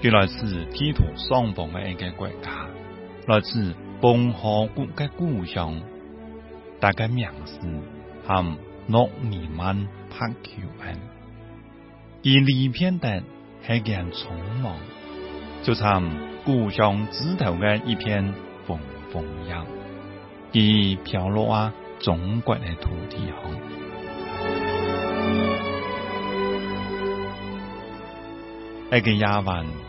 佢來自地圖上方嘅一個國家，來自共和國嘅故鄉，大個名字喊諾米曼帕丘恩。而離別嘅係件匆忙，就像故鄉枝頭嘅一片紅楓葉，已飄落啊，中國嘅土地上。𠮶 個夜晚。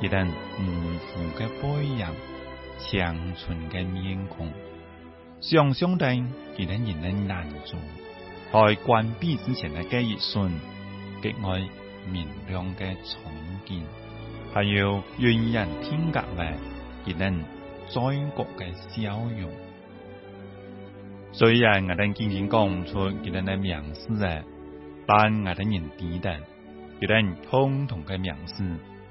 一等模糊嘅背影，長存嘅面孔，上相對一等人難做，在關閉之前嘅熱船，格外明亮嘅憧憬，還要怨人天格嘅一等在國嘅笑容。雖然我等漸漸講唔出一等嘅名字嘅，但我等人知的，一等通同嘅名字。